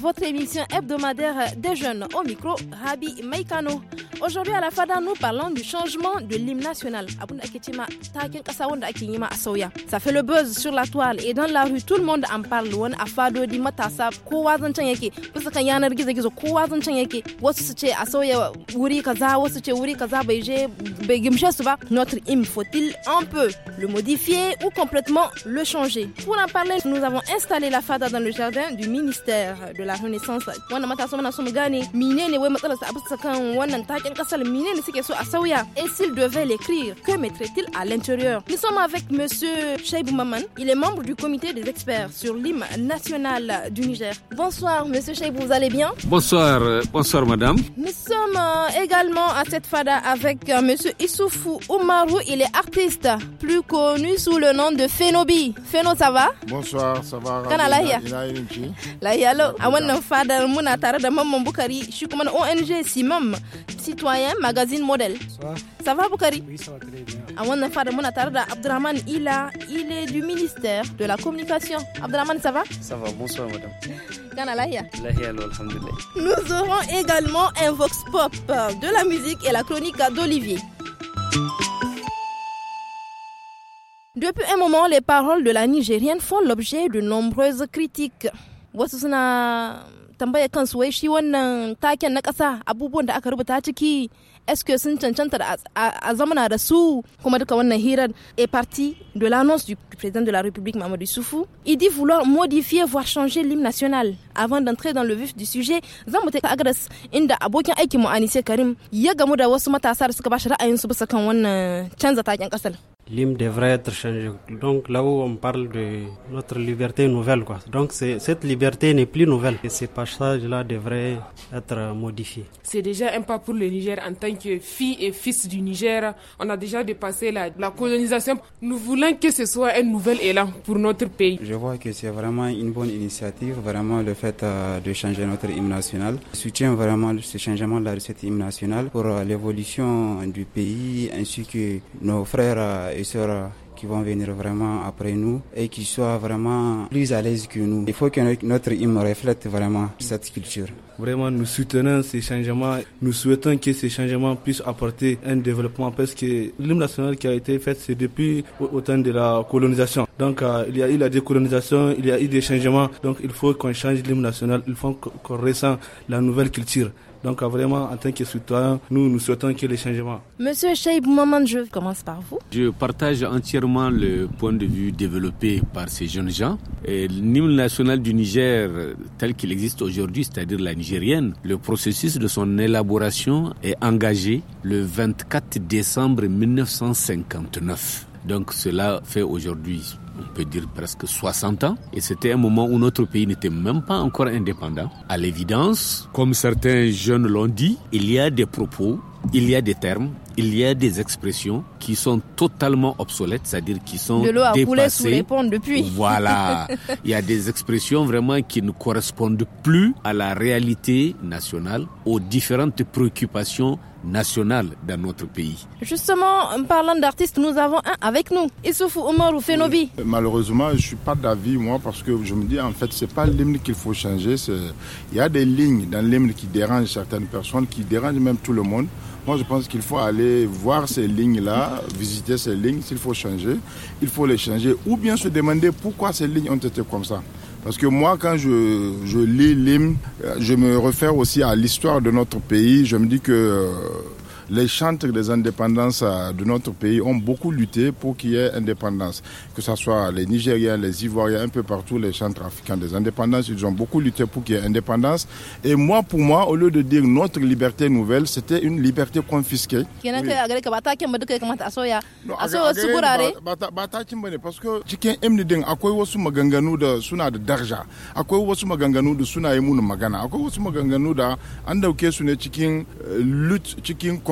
votre émission hebdomadaire des jeunes au micro, Rabi Maikano. Aujourd'hui à la FADA, nous parlons du changement de l'hymne national. Ça fait le buzz sur la toile et dans la rue, tout le monde en parle. notre hymne faut-il un peu le modifier ou complètement le changer pour en parler nous avons installé la fada dans le jardin du ministère de la Renaissance. Et s'il devait l'écrire, que mettrait-il à l'intérieur Nous sommes avec monsieur Cheibou Maman, il est membre du comité des experts sur l'hymne national du Niger. Bonsoir monsieur Cheibou, vous allez bien Bonsoir, euh, bonsoir madame. Nous sommes euh, également à cette fada avec euh, monsieur Issoufou Oumarou, il est artiste, plus connu sous le nom de Fenobi. Feno, ça va Bonsoir, ça va. Layalo, a wannan fadar muna tare da Mamman Bukari, shi kuma na ONG Simam, citoyen magazine model. Ça va Bukari? Oui, ça va très bien. A wannan fadar muna tare da Abdurrahman Ila, il est du ministère de la communication. Abdurrahman, ça va? Ça va, bonsoir madame. Kana Nous aurons également un vox pop de la musique et la chronique d'Olivier. Depuis un moment, les paroles de la Nigérienne font l'objet de nombreuses critiques. Wasu suna tambaya kansu wai shi wannan taken na ƙasa abubuwan da aka rubuta ciki que sun cancanta a zamana da su kuma duka wannan hirar est parti de l'annonce du président de la République Mamadou Soufou. Il dit vouloir modifier voire changer l'hymne national. Avant d'entrer dans le vif du sujet, zamu ta agres inda abokin aikin mu Anise Karim ya gamu da wasu matasa da suka bashi ra'ayin su bisa kan wannan canza taken l'hymne devrait être changé. Donc là où on parle de notre liberté nouvelle, quoi. Donc cette liberté n'est plus nouvelle. Et ces passages-là devraient être modifiés. C'est déjà un pas pour le Niger en tant que fille et fils du Niger. On a déjà dépassé la, la colonisation. Nous voulons que ce soit un nouvel élan pour notre pays. Je vois que c'est vraiment une bonne initiative, vraiment le fait euh, de changer notre hymne national. Je soutiens vraiment ce changement de cette hymne nationale pour euh, l'évolution du pays ainsi que nos frères euh, et sœurs qui vont venir vraiment après nous et qui soient vraiment plus à l'aise que nous. Il faut que notre hymne reflète vraiment cette culture. Vraiment, nous soutenons ces changements. Nous souhaitons que ces changements puissent apporter un développement parce que l'hymne national qui a été fait, c'est depuis au temps de la colonisation. Donc, euh, il y a eu la décolonisation, il y a eu des changements. Donc, il faut qu'on change l'hymne national, il faut qu'on ressent la nouvelle culture. Donc euh, vraiment, en tant que citoyen, nous, nous souhaitons que les changements. Monsieur Cheib Maman, je commence par vous. Je partage entièrement le point de vue développé par ces jeunes gens. L'hymne national du Niger, tel qu'il existe aujourd'hui, c'est-à-dire la nigérienne, le processus de son élaboration est engagé le 24 décembre 1959. Donc cela fait aujourd'hui on peut dire presque 60 ans, et c'était un moment où notre pays n'était même pas encore indépendant. À l'évidence, comme certains jeunes l'ont dit, il y a des propos, il y a des termes, il y a des expressions qui sont totalement obsolètes, c'est-à-dire qui sont de depuis. Voilà, il y a des expressions vraiment qui ne correspondent plus à la réalité nationale, aux différentes préoccupations nationale dans notre pays. Justement, en parlant d'artistes, nous avons un avec nous, Issoufou Omarou Fénobi. Euh, malheureusement, je ne suis pas d'avis, moi, parce que je me dis, en fait, ce n'est pas l'hymne qu'il faut changer. Il y a des lignes dans l'hymne qui dérangent certaines personnes, qui dérangent même tout le monde. Moi, je pense qu'il faut aller voir ces lignes-là, visiter ces lignes. S'il faut changer, il faut les changer. Ou bien se demander pourquoi ces lignes ont été comme ça. Parce que moi, quand je, je lis l'hymne, je me réfère aussi à l'histoire de notre pays. Je me dis que euh, les chantres des indépendances de notre pays ont beaucoup lutté pour qu'il y ait indépendance. Que ce soit les Nigériens, les Ivoiriens, un peu partout, les chantres africains des indépendances, ils ont beaucoup lutté pour qu'il y ait indépendance. Et moi, pour moi, au lieu de dire notre liberté nouvelle, c'était une liberté confisquée.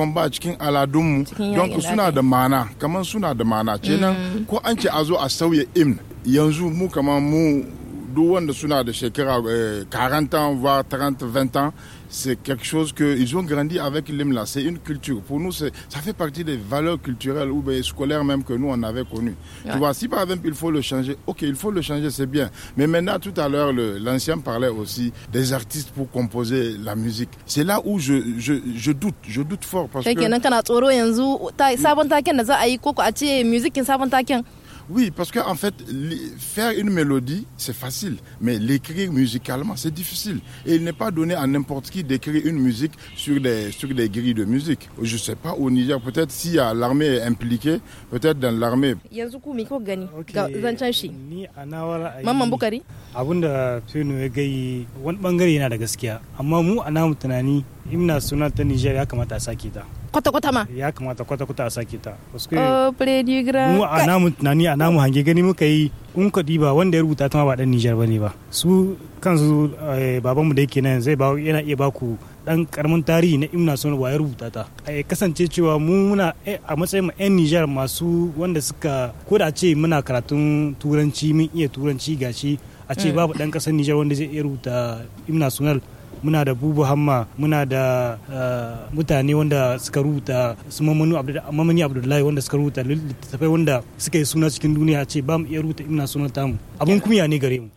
kaman ba cikin aladunmu don suna da mana kaman suna da mana kenan mm. ko an ce a zo a sauya im yanzu mu kaman mu duk wanda suna da shekara karanta va 30 20 c'est quelque chose qu'ils ont grandi avec l'IMLA. C'est une culture. Pour nous, ça fait partie des valeurs culturelles ou bien scolaires même que nous, on avait connues. Tu vois, si par exemple, il faut le changer, ok, il faut le changer, c'est bien. Mais maintenant, tout à l'heure, l'ancien parlait aussi des artistes pour composer la musique. C'est là où je, je, je, doute, je doute fort parce que... Oui, parce qu'en en fait, faire une mélodie, c'est facile, mais l'écrire musicalement, c'est difficile. Et il n'est pas donné à n'importe qui d'écrire une musique sur des, sur des grilles de musique. Je ne sais pas, au Niger, peut-être si l'armée est impliquée, peut-être dans l'armée. kwata-kwata ma ya kamata kwata-kwata a sake ta oh, mu a namu tunani a namu hange gani muka yi in ka ba wanda ya rubuta ta ba dan Nijar bane ba su kansu eh, babanmu da yake nan zai yana iya baku dan karamin tarihi na imna sun ya rubuta ta eh, kasance cewa mu muna eh, a matsayin yan Nijar masu wanda suka ko da ce muna karatun turanci mun iya turanci gashi a ce mm. babu dan kasar Nijar wanda zai iya rubuta imna sunal muna da bubu hamma muna da eh, mutane wanda suka rubuta su mamani abdullahi wanda suka rubuta littattafai wanda suka yi suna cikin duniya ce ba mu iya rubuta ina sunan tamu abun kunya ne gare mu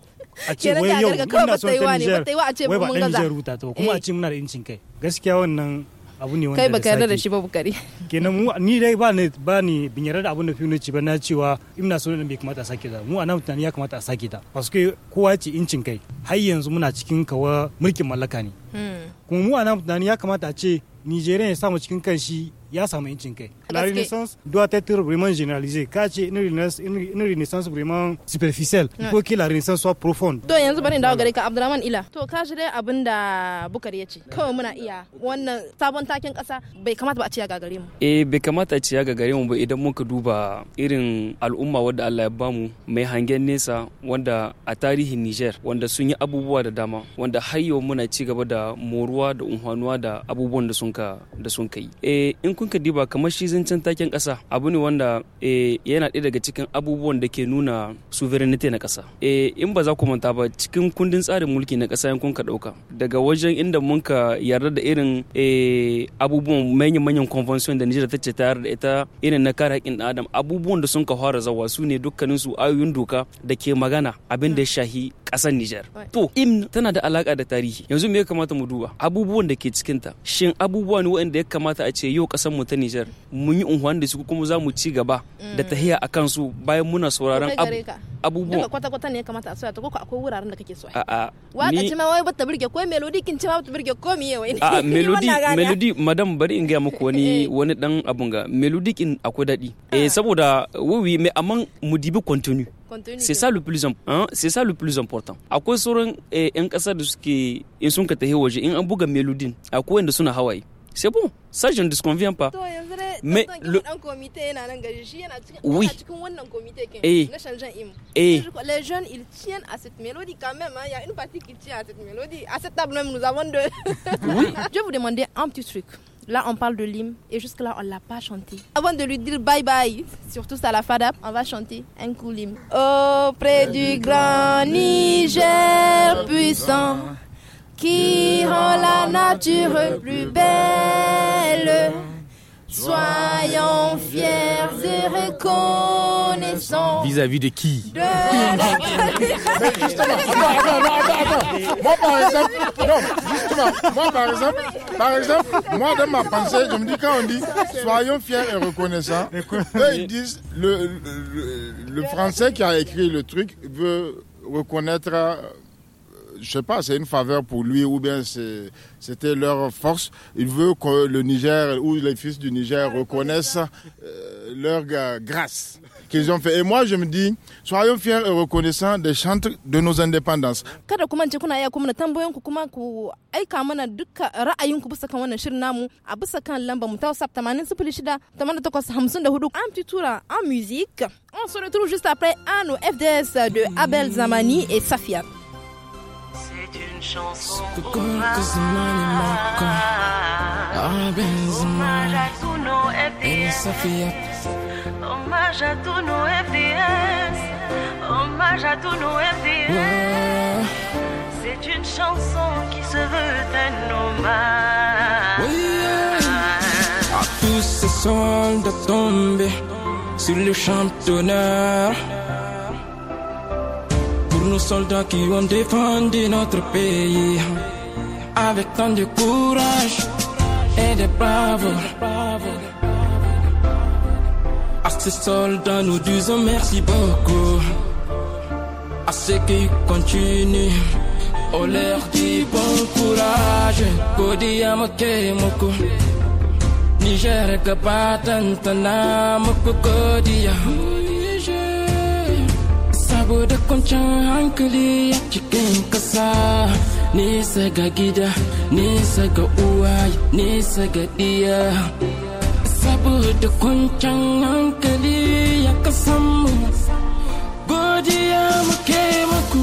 a ce wai yau muna son ta Niger wai ba ɗan Niger rubuta ta kuma eh. a ce muna da incin kai gaskiya wannan abu ne wanda kai baka yarda da shi ba bukari kenan mu ni dai ba ni ba ni bin yarda da abun da fiye ci ba na cewa ina so bai kamata a sake ta mu a nan tunani ya kamata a sake ta kai kowa ce incin kai har yanzu muna cikin kawa mulkin mallaka ne hmm. kuma mu a nan tunani ya kamata a ce Nijeriya ya samu cikin kanshi ya samu incin kai La renaissance doit être vraiment généralisée. Car c'est une renaissance, une, une renaissance vraiment superficielle. Il faut que la renaissance soit profonde. To yanzu barin dawo gare ka Abdurrahman Ila. To ka ji dai abin da bukari ya ce. Kawai muna iya wannan sabon takin kasa bai kamata ba a ciya ga gare mu. Eh bai kamata a ciya ga gare mu ba idan muka duba irin al'umma wanda Allah ya bamu mai hangen nesa wanda a tarihin Niger wanda sun yi abubuwa da dama wanda har yau muna ci gaba da moruwa da unhwanuwa da abubuwan da sun ka da sun kai. Eh in kun ka diba kamar shi zancen taken ƙasa abu ne wanda eh, yana ɗaya daga cikin abubuwan da ke nuna suverenity na ƙasa eh, in ba za ku manta ba cikin kundin tsarin mulki na ƙasa yankun ka ɗauka daga wajen inda mun ka yarda da irin eh, abubuwan manyan manyan convention da Nijar ta ce ta da ita irin na kare haƙƙin adam abubuwan da sun ka fara zawa su ne dukkanin su ayoyin doka da ke magana abin da ya shahi ƙasar Nijar. To im tana da alaka da tarihi. Yanzu me ya kamata mu duba? Abubuwan da ke cikin ta. Shin abubuwa ne waɗanda ya kamata a ce yau ƙasar mu ta Nijar mun yi unhuwan da su kuma za mu ci gaba da mm. tahiya a kansu bayan muna sauraron abubuwan. Duka kwata-kwata ne ya kamata a soya ta koko akwai wuraren da kake so. A'a. Waka ci ma wai ta burge ko melodi kin ci ma ta burge ko miye wai. A'a melodi melodi madam bari in gaya muku wani eh. wani dan abun ga melodi kin akwai daɗi. Eh ah. saboda wuwi mai amman mu dibi continue. c'est ça le plus hein, c'est ça le plus important akwai sauran en eh, kasa da suke in sun ka tafi waje in an buga melodin akwai de suna hawaye c'est bon ça je ne disconviens pas mais le oui im. Eh. les jeunes ils tiennent à cette mélodie quand même hein. il y a une partie qui tient à cette mélodie à cette table même nous avons deux oui je vais vous demander un petit truc Là, on parle de l'hymne et jusque-là, on ne l'a pas chanté. Avant de lui dire bye bye, surtout ça, la Fada, on va chanter un coup l'hymne. Auprès du grand Niger puissant qui rend la nature plus belle, soyons fiers et reconnaissants. Vis-à-vis de qui moi, par, exemple, par exemple, moi, dans ma pensée, je me dis, quand on dit soyons fiers et reconnaissants, eux, ils disent le, le français qui a écrit le truc veut reconnaître je sais pas, c'est une faveur pour lui ou bien c'était leur force. Il veut que le Niger ou les fils du Niger reconnaissent euh, leur euh, grâce qu'ils ont fait. Et moi, je me dis, soyons fiers et reconnaissants des chantres de nos indépendances. Un en musique. On se retrouve juste après à nos FDS de Abel Zamani et Safia. C'est une chanson hommage à tous nos FDS Hommage à tous nos FDS Hommage à tous nos FDS C'est une chanson qui se veut un hommage À tous ces soldats tombés sur le champ d'honneur pour nos soldats qui ont défendu notre pays avec tant de courage et de bravoure. À ces soldats, nous disons merci beaucoup. À ceux qui continuent, on leur dit bon courage. Kodiyama Kemoko, Niger saboda kwancin hankali ya cikin kasa nesa ga gida nesa ga uwa nesa ga diya saboda kwancin hankali ya kasanmu godiya muke maku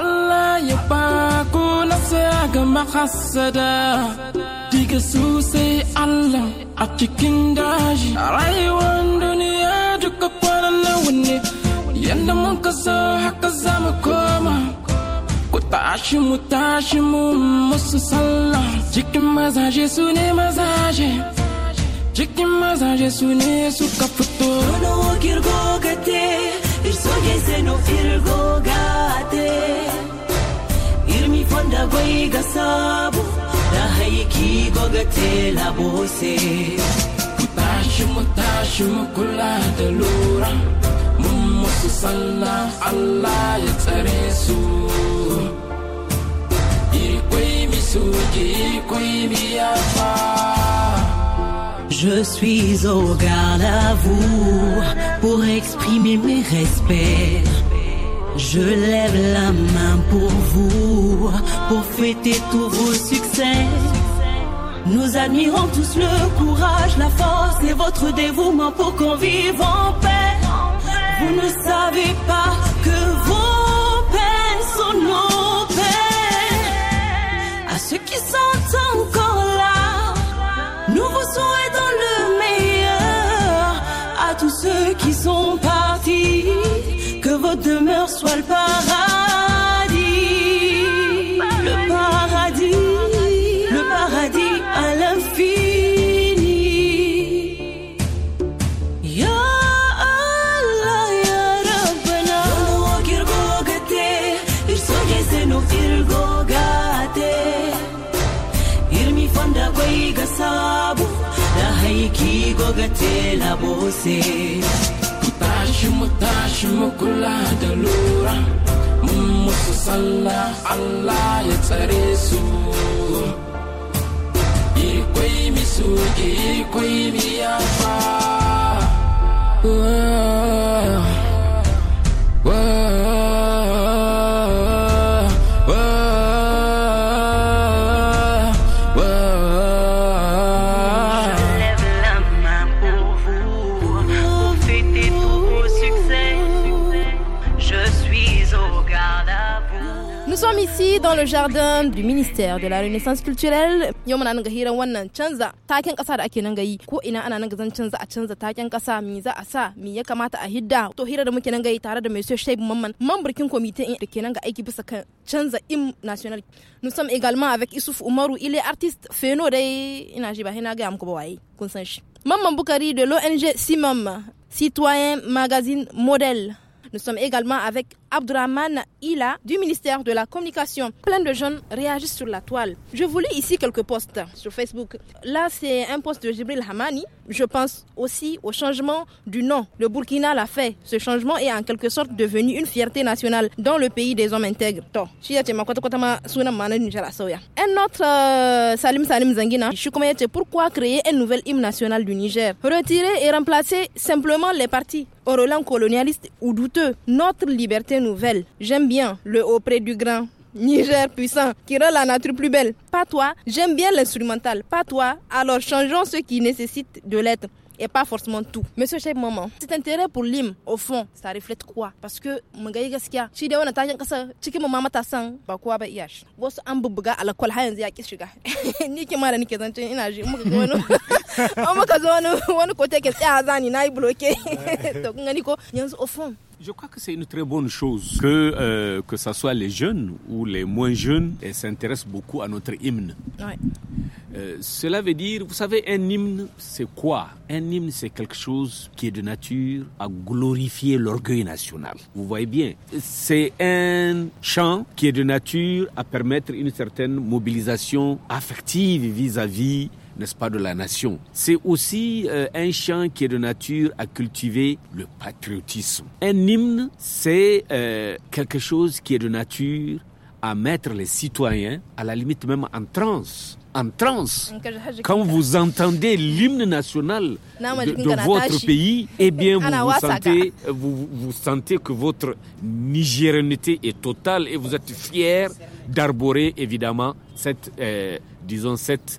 Allah ya ba ku nasa ga mahasada diga sosai, Allah a cikin daji rayuwar Yanda mun kasa haka za mu koma Ku tashi mazaje su mazaje Cikin mazaje su ne suka fito gate Irso gese no irgo gate Irmi fonda gwai ga sabu Da gogate la bose Ku kula da Je suis au garde à vous pour exprimer mes respects. Je lève la main pour vous, pour fêter tous vos succès. Nous admirons tous le courage, la force et votre dévouement pour qu'on vive en paix. Vous ne savez pas que vos peines sont nos peines. À ceux qui sont encore là, nous vous souhaitons le meilleur. À tous ceux qui sont partis, que votre demeure soit le paradis. bose ku tashi mu tashi mu kula da lura mun musu sallah Allah ya tsare su ikwai mi soke ikwai mi yafa Nous sommes ici dans le jardin du ministère de la Renaissance culturelle. Nous sommes également avec Issouf Umaru, il est artiste de l'ONG Simam, citoyen magazine modèle. Nous sommes également avec Abdurrahman Ila du ministère de la Communication. Plein de jeunes réagissent sur la toile. Je vous ici quelques posts sur Facebook. Là, c'est un post de Jibril Hamani. Je pense aussi au changement du nom. Le Burkina l'a fait. Ce changement est en quelque sorte devenu une fierté nationale dans le pays des hommes intègres. Un autre euh, Salim Salim Zangina, pourquoi créer un nouvel hymne national du Niger Retirer et remplacer simplement les partis au relan colonialiste ou douteux. Notre liberté nouvelle. J'aime bien le auprès du grand. Niger puissant, qui rend la nature plus belle. Pas toi, j'aime bien l'instrumental. Pas toi, alors changeons ce qui nécessite de l'être et pas forcément tout. Monsieur Cheikh Maman, cet intérêt pour l'hymne, au fond, ça reflète quoi Parce que je gars, je an yanzu ya ki Ni To au fond je crois que c'est une très bonne chose que, euh, que ce soit les jeunes ou les moins jeunes s'intéressent beaucoup à notre hymne. Euh, cela veut dire, vous savez, un hymne, c'est quoi Un hymne, c'est quelque chose qui est de nature à glorifier l'orgueil national. Vous voyez bien, c'est un chant qui est de nature à permettre une certaine mobilisation affective vis-à-vis vis à vis n'est-ce pas, de la nation. C'est aussi euh, un chant qui est de nature à cultiver le patriotisme. Un hymne, c'est euh, quelque chose qui est de nature à mettre les citoyens, à la limite même en transe. En transe, quand vous entendez l'hymne national de, votre pays, eh bien vous, vous sentez, que votre nigérianité est totale et vous êtes fier d'arborer évidemment cette, euh, disons cette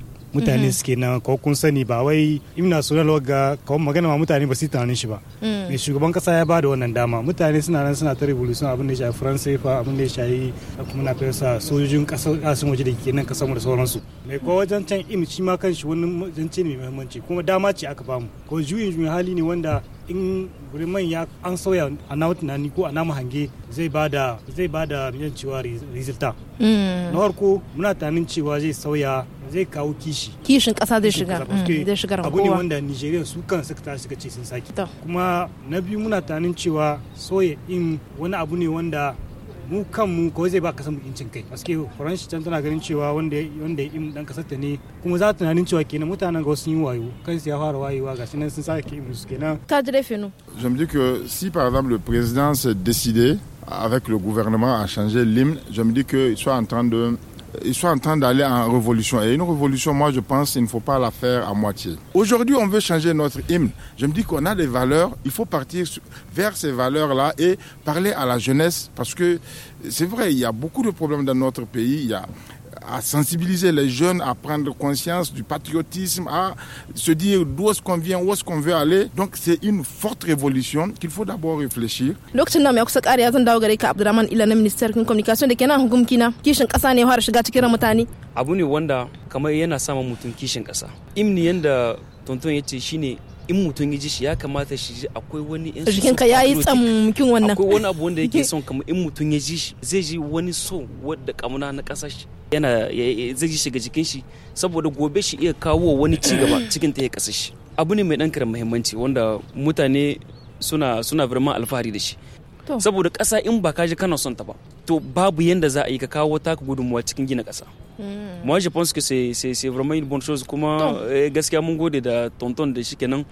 mutane mhm. suke nan ko kun sani ba wai ina sunan ga ko magana ma mutane ba su tunanin shi ba mm. mai shugaban kasa ya bada wannan dama mutane suna nan suna ta revolution abin da ya shafi France fa abin da ya shafi kuma na fesa sojojin kasashen waje da ke nan kasar mu da sauransu mai ko wajen can imi shi ma kanshi wani zance ne mai muhimmanci kuma dama ce aka bamu ko juyin juyin hali ne wanda in gurin ya an sauya a na tunani ko a na hange zai bada zai bada yan cewa mm. na farko muna tunanin cewa zai sauya zai kawo kishi kishin kasa mm, zai shiga zai shiga rankowa abu ne wanda nigeria su kan suka tashi suka ce sun saki kuma na biyu muna tunanin cewa soya in wani abu ne wanda mu kanmu ko zai ba kasan incin kai paske faranshi can tana ganin cewa wanda wanda im dan kasar ta ne kuma za ta tunanin cewa kenan mutanen ga sun yi wayo kan su ya fara wayewa gashi nan sun sake im su kenan ta dire fenu je me dis que si par exemple le président s'est décidé avec le gouvernement à changer l'hymne je me dis qu'il soit en train de euh, ils sont en train d'aller en révolution. Et une révolution, moi, je pense, il ne faut pas la faire à moitié. Aujourd'hui, on veut changer notre hymne. Je me dis qu'on a des valeurs, il faut partir vers ces valeurs-là et parler à la jeunesse parce que c'est vrai, il y a beaucoup de problèmes dans notre pays. Il y a à sensibiliser les jeunes à prendre conscience du patriotisme, à se dire d'où est-ce qu'on vient, où est-ce qu'on veut aller. Donc c'est une forte révolution qu'il faut d'abord réfléchir. in mutum ya ji shi ya kamata shi ji akwai wani jikinka ya yi tsamkin wannan akwai wani abu wanda yake son kamar in mutum ya ji shi zai ji wani so wadda kamuna na kasa shi yana zai ji shiga jikin shi saboda gobe shi iya kawo wani ci gaba cikin ta ya kasa shi abu ne mai ɗan karin muhimmanci wanda mutane suna suna birman alfahari da shi saboda kasa in ba ka ji kana son ta ba to babu yanda za a yi ka kawo ta ka gudunmuwa cikin gina kasa. Hmm. moi je pense que c'est c'est vraiment une bonne chose kuma eh, gaskiya mun gode da tonton da shi kenan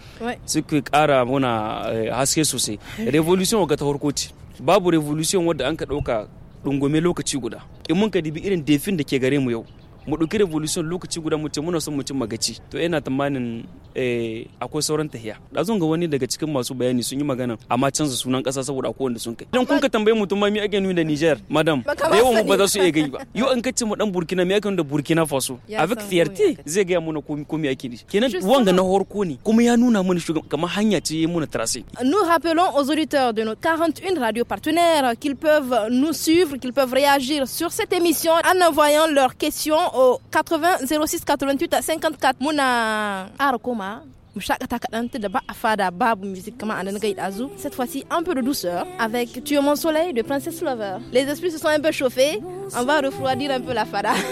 suke kara muna eh, haske sosai revolution ga ta farko ce babu revolution wadda an ka ɗauka dungume lokaci guda in mun ka dibi irin defin da ke gare mu yau mu ɗauki revolution lokaci guda mutum ce muna son mu cimma gaci to ina tamanin eh, akwai sauran tahiya ɗazun ga wani daga cikin masu bayani sun yi magana amma canza sunan ƙasa saboda akwai wanda sun kai idan kun ka tambaye mutum ma mi ake nuni da Niger madam da yawan mu ba za su iya gai ba yau an kace mu dan Burkina me ake nuni da Burkina Faso avec fierté zai ga mu na komi komi ake ni kenan wanga na horko ne kuma ya nuna mana shugaban kamar hanya ce mu muna tracé nous rappelons aux auditeurs de nos 41 radios partenaires qu'ils peuvent nous suivre qu'ils peuvent réagir sur cette émission en envoyant leurs questions 80 06 88 54 Mouna Arkoma, Moucha de ba musique comme cette fois-ci un peu de douceur avec tu es mon soleil de princesse lover les esprits se sont un peu chauffés on va refroidir un peu la fada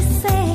say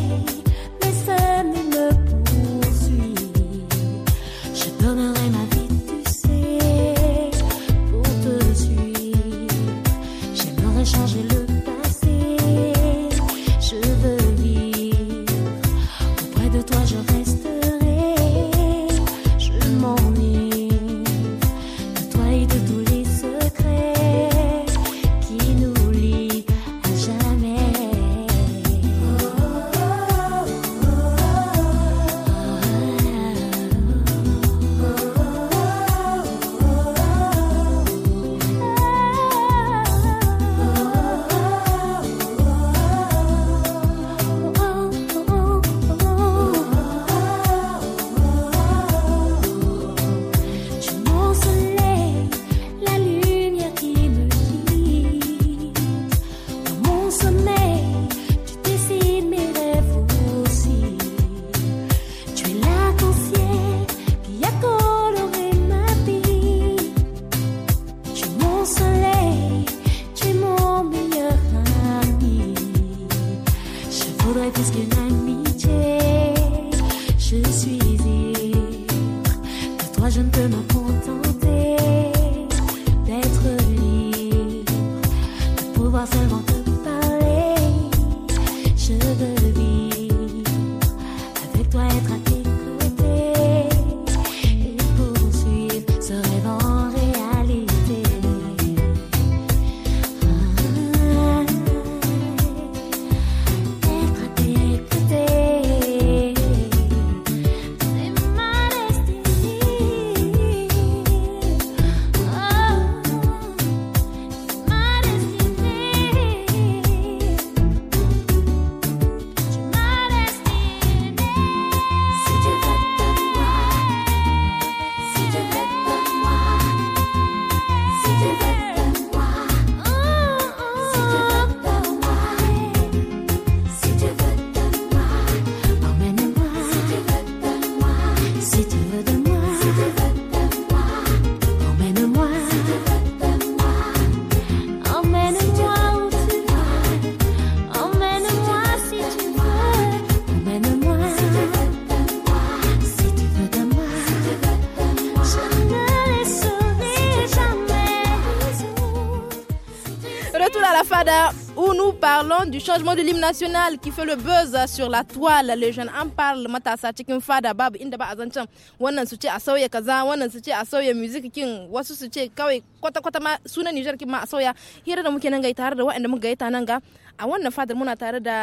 changement de l'hymne national qui fait le buzz sur la toile les jeunes en parlent matassa, cikin fada babu inda ba a zancen wannan su ce a sauya kaza wannan su ce a sauya music kin wasu su ce kawai kwata kwata ma sunan Niger kin ma soya. Hier on da muke nan ga tare waɗanda on ga a wannan fadar muna tare da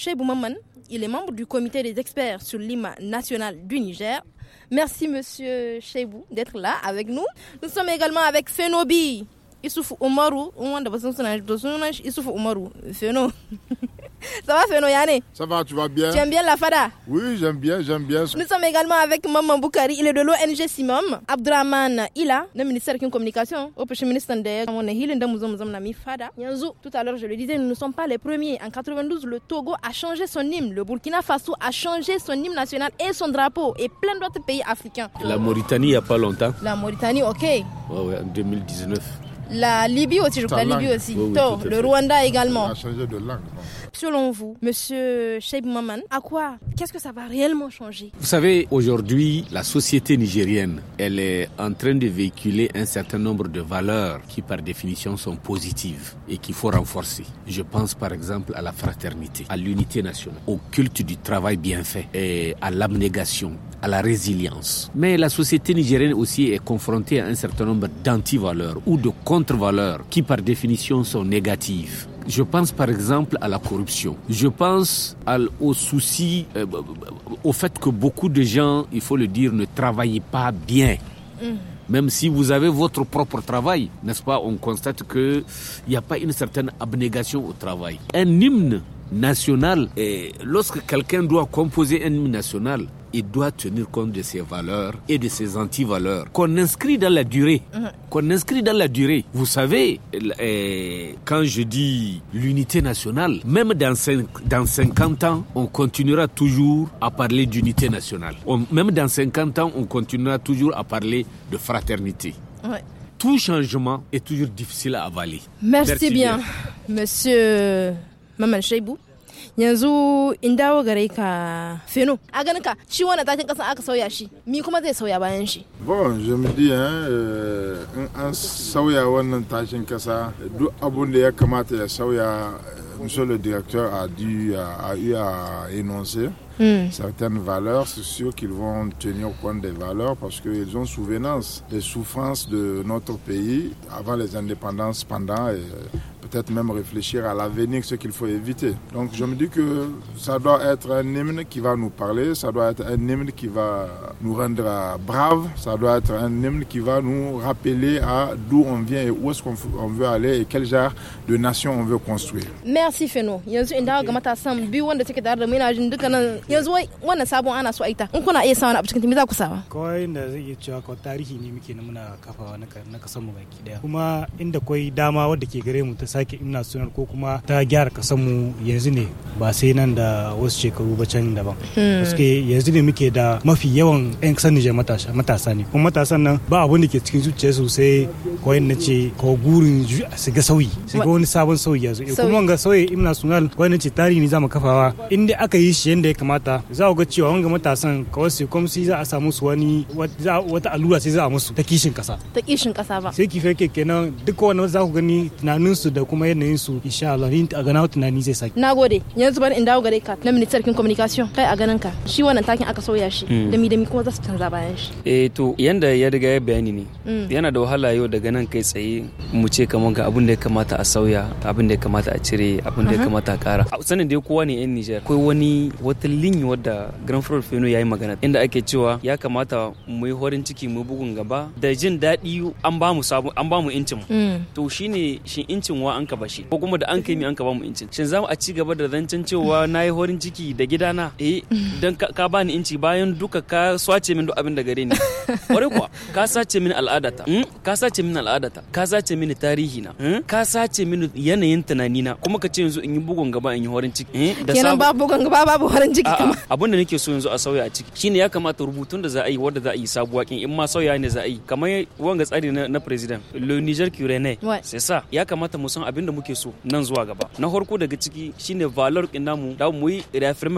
Shebu Mamman il est membre du comité des experts sur l'hymne national du Niger Merci, monsieur Chebou, d'être là avec nous. Nous sommes également avec Fenobi, Issoufou Omarou, on va Issoufou Omarou. Feno. Ça va Feno Yane Ça va, tu vas bien J'aime bien la fada Oui, j'aime bien, j'aime bien. Nous sommes également avec Maman Boukari, il est de l'ONG Simom Abdraman Ila, le ministère de la Communication, au prochain ministre de est tout à l'heure je le disais, nous ne sommes pas les premiers. En 92, le Togo a changé son hymne, le Burkina Faso a changé son hymne national et son drapeau et plein d'autres pays africains. La Mauritanie il n'y a pas longtemps. La Mauritanie, OK. Ouais, ouais, en 2019. La Libye aussi, je crois. La Libye aussi. Oui, le Rwanda également. A changé de langue. Selon vous, Monsieur Sheib Maman, à quoi Qu'est-ce que ça va réellement changer Vous savez, aujourd'hui, la société nigérienne, elle est en train de véhiculer un certain nombre de valeurs qui, par définition, sont positives et qu'il faut renforcer. Je pense par exemple à la fraternité, à l'unité nationale, au culte du travail bien fait et à l'abnégation à la résilience. Mais la société nigérienne aussi est confrontée à un certain nombre d'antivaleurs ou de contre-valeurs qui par définition sont négatives. Je pense par exemple à la corruption. Je pense au souci, euh, au fait que beaucoup de gens, il faut le dire, ne travaillent pas bien. Mm. même si vous avez votre propre travail, n'est-ce pas On constate qu'il n'y a pas une certaine abnégation au travail. Un hymne nationale. Et lorsque quelqu'un doit composer un hymne national, il doit tenir compte de ses valeurs et de ses anti valeurs qu'on inscrit dans la durée. Mhm. Qu'on inscrit dans la durée. Vous savez, quand je dis l'unité nationale, même dans, 50 ans, on continuera toujours à parler d'unité nationale. même dans 50 ans, on continuera toujours à parler de fraternité. tout changement est toujours difficile à avaler. Merci, bien, monsieur Maman Shaibu. yanzu in dawo gare ka feno a ganin ka shi wannan takin kasan aka sauya shi mi kuma zai sauya bayan shi bon je me dis hein, euh, in an sauya wannan tashin kasa duk abun da ya kamata ya sauya euh, monsieur le directeur a dû a, a eu à énoncer mm. certaines valeurs. C'est sûr qu'ils vont tenir compte des valeurs parce qu'ils ont souvenance des souffrances de notre pays avant les indépendances, pendant et euh, peut-être même réfléchir à l'avenir, ce qu'il faut éviter. Donc je me dis que ça doit être un hymne qui va nous parler, ça doit être un hymne qui va nous rendre braves, ça doit être un hymne qui va nous rappeler à d'où on vient et où est-ce qu'on veut aller et quel genre de nation on veut construire. Merci Feno. Yanzu in dawo ga matasan da sabon ana so a ita. In kuna iya sawa a cikin da zai iya cewa ko tarihi ne muke na muna kafawa na kasan mu baki daya. Kuma inda koi dama wadda ke gare mu ta sake ina sunar ko kuma ta gyara kasanmu yanzu ne ba sai nan da wasu shekaru ba can daban hmm. suke yanzu ne muke da mafi yawan 'yan kasar nijar matasa ne kuma matasan nan ba abin da ke cikin zuciya sosai kawai na ce ko gurin su ga sauyi su ga wani sabon sauyi yanzu zo eh, kuma ga sauyi imna sunal ko na ce tarihi ne za mu kafawa in dai aka yi shi yanda ya kamata za ku ga cewa wanga matasan kawai sai kwamsi za a samu su wani wata allura sai za a musu ta kishin kasa ta kishin kasa ba sai kife kenan duk wani za ku gani tunaninsu da kuma yanayin su insha Allah ni a ganawa tunani zai sake nagode yanzu bari in dawo gare ka na minister kin communication kai a ganin ka shi wannan takin aka sauya shi hmm. dami dami kuma za su canza bayan shi eh to yanda ya riga ya bayani ne hmm. yana da wahala yau daga nan kai tsaye mu ce kamar ga abin da ya kamata a sauya abin da ya kamata a cire abin da ya kamata a kara sanin da kowa ne yan Nijar akwai wani wata linyi wadda Grand Fino ya yi magana inda ake cewa ya kamata mu yi horin ciki mu bugun gaba da jin daɗi an ba mu an ba mu incin hmm. to shine shi incin wa an ka bashi ko kuma da an kai ni an ka ba mu incin shin za mu a ci gaba da zancen cewa na yi horin ciki da gidana eh dan ka ba ni inci bayan duka ka swace min duk abin da gare ni kwarai kuwa ka sace min hmm? al'adata ka sace min al'adata hmm? ka sace min tarihi na ka sace min yanayin tunani na kuma ka ce yanzu in yi bugun gaba in yi horin ciki hmm? da kenan ba bugun gaba babu horin ciki kuma abin da nake so yanzu a sauya a ciki shine ya kamata rubutun da za a yi wanda za a yi sabuwa kin in ma sauya ne za a yi kamar wanga tsari na president le niger curene c'est ça ya kamata mu san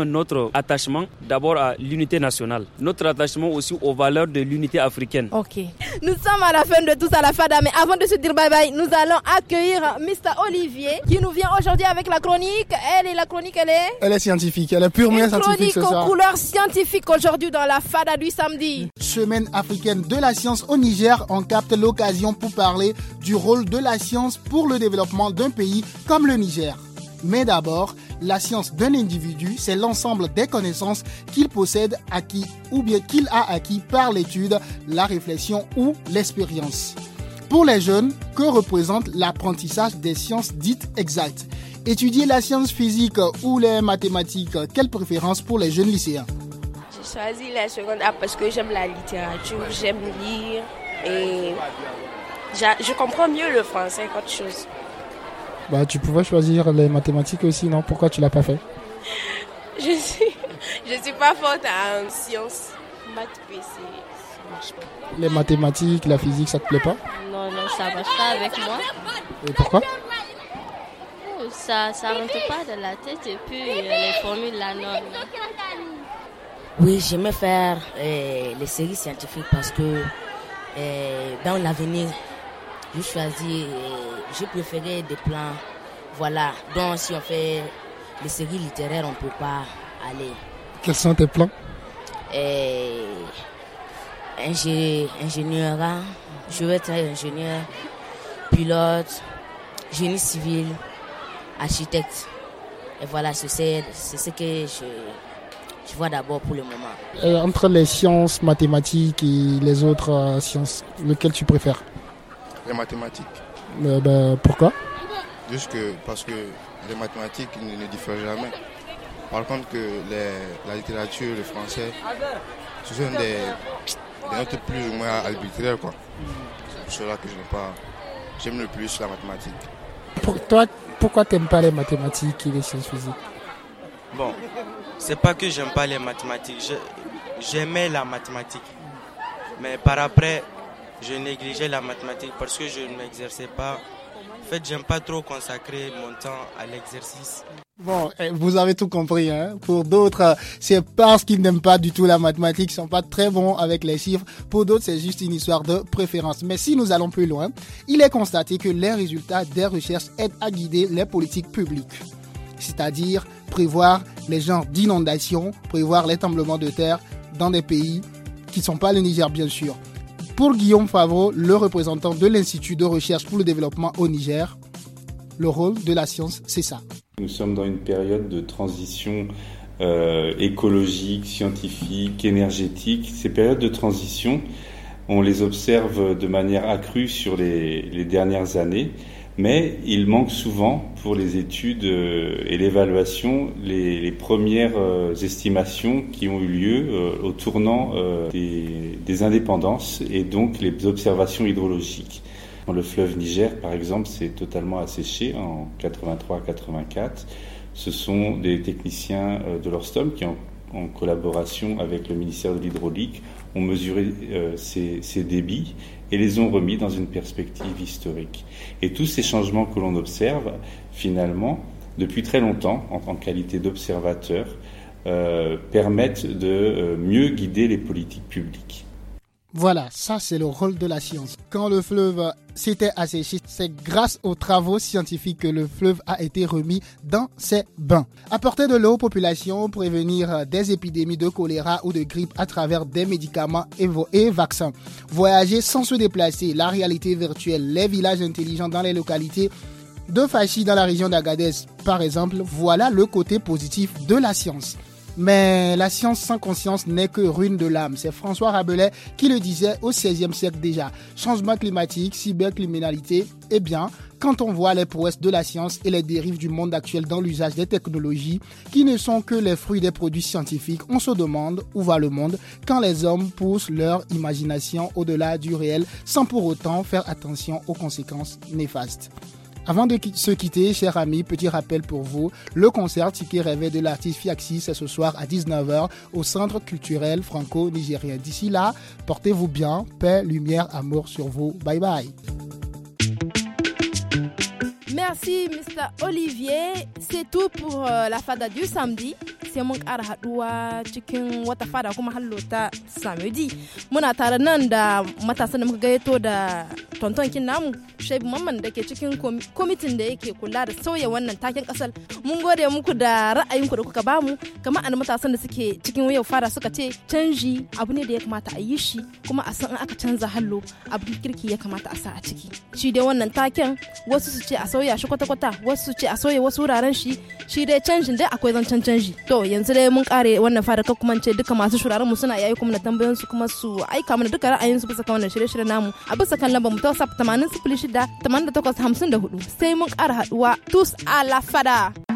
notre attachement d'abord à l'unité nationale notre attachement aussi aux valeurs de l'unité africaine OK nous sommes à la fin de tout à la fada mais avant de se dire bye bye nous allons accueillir Mr Olivier qui nous vient aujourd'hui avec la chronique elle est la chronique elle est elle est scientifique elle est purement scientifique chronique aux couleurs scientifiques aujourd'hui dans la fada du samedi semaine africaine de la science au Niger on capte l'occasion pour parler du rôle de la science pour le développement d'un pays comme le Niger. Mais d'abord, la science d'un individu, c'est l'ensemble des connaissances qu'il possède, acquis ou bien qu'il a acquis par l'étude, la réflexion ou l'expérience. Pour les jeunes, que représente l'apprentissage des sciences dites exactes Étudier la science physique ou les mathématiques, quelle préférence pour les jeunes lycéens J'ai choisi la seconde parce que j'aime la littérature, j'aime lire et je comprends mieux le français qu'autre chose. Bah, tu pouvais choisir les mathématiques aussi, non Pourquoi tu l'as pas fait Je ne je suis pas forte en euh, sciences, maths, PC. Les mathématiques, la physique, ça te plaît pas Non, non, ça marche pas avec moi. Et pourquoi oh, Ça, ça rentre pas dans la tête et puis euh, les formules, la norme. Oui, j'aimais faire euh, les séries scientifiques parce que dans l'avenir, je choisis, euh, j'ai préféré des plans. Voilà. Donc, si on fait les séries littéraires, on ne peut pas aller. Quels sont tes plans Et, euh, Ingénieur, hein. je veux être ingénieur, pilote, génie civil, architecte. Et voilà, c'est ce que je, je vois d'abord pour le moment. Euh, entre les sciences mathématiques et les autres sciences, lequel tu préfères les mathématiques. Mais ben, pourquoi Juste que, parce que les mathématiques ne, diffèrent jamais. Par contre, que les, la littérature, le français, ce sont des, notes plus ou moins arbitraires. Quoi. C'est pour cela que je n'ai pas. J'aime le plus la mathématique. Pour toi, pourquoi tu n'aimes pas les mathématiques et les sciences physiques Bon, c'est pas que j'aime pas les mathématiques. j'aimais la mathématique. Mais par après, je négligeais la mathématique parce que je ne m'exerçais pas. En fait, j'aime pas trop consacrer mon temps à l'exercice. Bon, eh, vous avez tout compris. Hein. Pour d'autres, euh, c'est parce qu'ils n'aiment pas du tout la mathématique, ils sont pas très bons avec les chiffres. Pour d'autres, c'est juste une histoire de préférence. Mais si nous allons plus loin, il est constaté que les résultats des recherches aident à guider les politiques publiques. C'est-à-dire prévoir les genres d'inondations, prévoir les tremblements de terre dans des pays qui ne sont pas le Niger, bien sûr. Pour Guillaume Favreau, le représentant de l'Institut de recherche pour le développement au Niger, le rôle de la science, c'est ça. Nous sommes dans une période de transition euh, écologique, scientifique, énergétique. Ces périodes de transition, on les observe de manière accrue sur les dernières années mais il manque souvent pour les études euh, et l'évaluation les, premières euh, estimations qui ont eu lieu euh, au tournant des, indépendances et donc les observations hydrologiques. Le fleuve Niger, par exemple, s'est totalement asséché en 83-84. Ce sont des techniciens de l'Orstom qui, en, collaboration avec le ministère de l'Hydraulique, ont mesuré ces, débits et les ont remis dans une perspective historique. Et tous ces changements que l'on observe, finalement, depuis très longtemps, en tant que qualité d'observateur, euh, permettent de euh, mieux guider les politiques publiques. Voilà, ça c'est le rôle de la science. Quand le fleuve s'était asséché, c'est grâce aux travaux scientifiques que le fleuve a été remis dans ses bains. Apporter de l'eau aux populations, prévenir des épidémies de choléra ou de grippe à travers des médicaments et vaccins. Voyager sans se déplacer, la réalité virtuelle, les villages intelligents dans les localités de Fachi dans la région d'Agadez, par exemple, voilà le côté positif de la science. Mais la science sans conscience n'est que ruine de l'âme. C'est François Rabelais qui le disait au XVIe siècle déjà. Changement climatique, cybercriminalité, eh bien, quand on voit les prouesses de la science et les dérives du monde actuel dans l'usage des technologies, qui ne sont que les fruits des produits scientifiques, on se demande où va le monde quand les hommes poussent leur imagination au-delà du réel sans pour autant faire attention aux conséquences néfastes. Avant de se quitter, chers amis, petit rappel pour vous, le concert qui Réveil de l'artiste Fiaxis c'est ce soir à 19h au Centre culturel franco-nigérien. D'ici là, portez-vous bien, paix, lumière, amour sur vous. Bye bye. Merci, Mr. Olivier. C'est tout pour euh, la fada du samedi. C'est mon samedi tonton kin namu shaibu mamman da ke cikin kwamitin da yake kula da sauya wannan taken kasar mun gode muku da ra'ayinku da kuka bamu kamar an matasan da suke cikin wayo fara suka ce canji abu ne da ya kamata a yi shi kuma a san in aka canza hallo abu kirki ya kamata a sa a ciki shi dai wannan taken wasu su ce a sauya shi kwata-kwata wasu su ce a sauya wasu wuraren shi shi dai canjin dai akwai zancen canji to yanzu dai mun kare wannan fara ka kuma ce duka masu shuraren mu suna yayi kuma na tambayoyin su kuma su aika mana duka ra'ayin su bisa kan wannan shirye-shirye namu a bisa kan lambar mu ta WhatsApp 80 06 88 sai mun ƙara haɗuwa tus Fada.